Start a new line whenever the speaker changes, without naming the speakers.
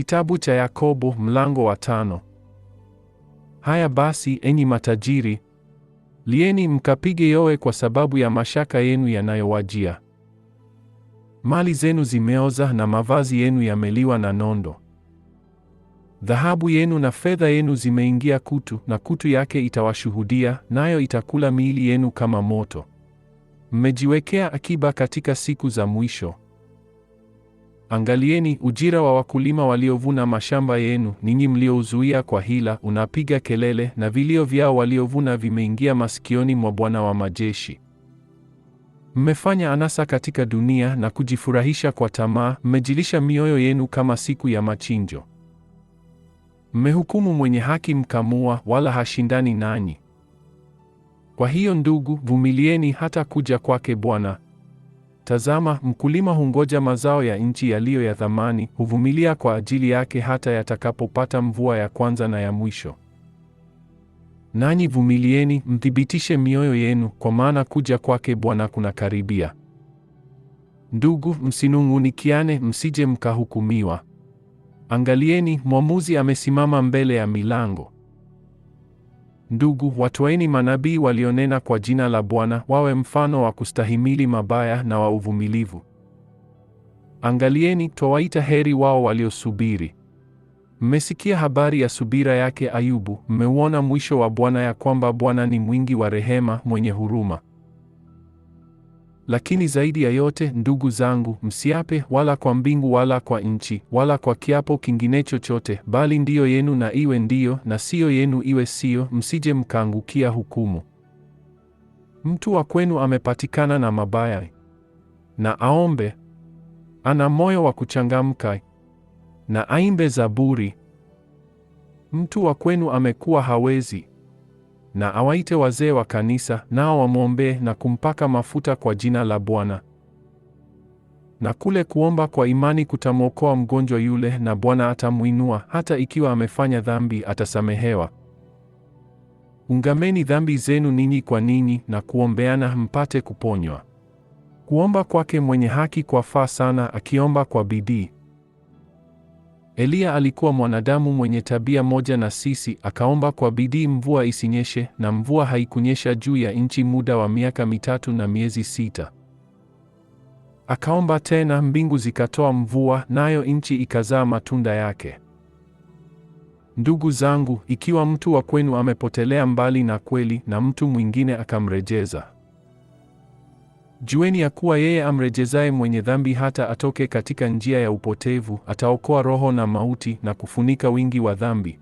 Kitabu cha Yakobo mlango wa tano. Haya basi, enyi matajiri, lieni mkapige yowe kwa sababu ya mashaka yenu yanayowajia. Mali zenu zimeoza na mavazi yenu yameliwa na nondo. Dhahabu yenu na fedha yenu zimeingia kutu, na kutu yake itawashuhudia, nayo itakula miili yenu kama moto. Mmejiwekea akiba katika siku za mwisho. Angalieni ujira wa wakulima waliovuna mashamba yenu, ninyi mliouzuia kwa hila, unapiga kelele na vilio vyao waliovuna vimeingia masikioni mwa Bwana wa majeshi. Mmefanya anasa katika dunia na kujifurahisha kwa tamaa, mmejilisha mioyo yenu kama siku ya machinjo. Mmehukumu mwenye haki mkamua, wala hashindani nanyi. Kwa hiyo ndugu, vumilieni hata kuja kwake Bwana. Tazama, mkulima hungoja mazao ya nchi yaliyo ya thamani, huvumilia kwa ajili yake hata yatakapopata mvua ya kwanza na ya mwisho. Nanyi vumilieni, mthibitishe mioyo yenu, kwa maana kuja kwake Bwana kunakaribia. Ndugu, msinung'unikiane, msije mkahukumiwa. Angalieni, mwamuzi amesimama mbele ya milango. Ndugu, watwaini manabii walionena kwa jina la Bwana, wawe mfano wa kustahimili mabaya na wa uvumilivu. Angalieni, twawaita heri wao waliosubiri. Mmesikia habari ya subira yake Ayubu, mmeuona mwisho wa Bwana, ya kwamba Bwana ni mwingi wa rehema, mwenye huruma. Lakini zaidi ya yote, ndugu zangu, msiape wala kwa mbingu wala kwa nchi wala kwa kiapo kingine chochote, bali ndiyo yenu na iwe ndiyo, na siyo yenu iwe siyo, msije mkaangukia hukumu. Mtu wa kwenu amepatikana na mabaya, na aombe; ana moyo wa kuchangamka, na aimbe zaburi. Mtu wa kwenu amekuwa hawezi na awaite wazee wa kanisa, nao wamwombee na kumpaka mafuta kwa jina la Bwana. Na kule kuomba kwa imani kutamwokoa mgonjwa yule, na Bwana atamwinua; hata ikiwa amefanya dhambi, atasamehewa. Ungameni dhambi zenu ninyi kwa ninyi, na kuombeana mpate kuponywa. Kuomba kwake mwenye haki kwa faa sana, akiomba kwa bidii. Eliya alikuwa mwanadamu mwenye tabia moja na sisi, akaomba kwa bidii mvua isinyeshe, na mvua haikunyesha juu ya nchi muda wa miaka mitatu na miezi sita. Akaomba tena, mbingu zikatoa mvua, nayo nchi ikazaa matunda yake. Ndugu zangu, ikiwa mtu wa kwenu amepotelea mbali na kweli, na mtu mwingine akamrejeza Jueni ya kuwa yeye amrejezaye mwenye dhambi hata atoke katika njia ya upotevu, ataokoa roho na mauti, na kufunika wingi wa dhambi.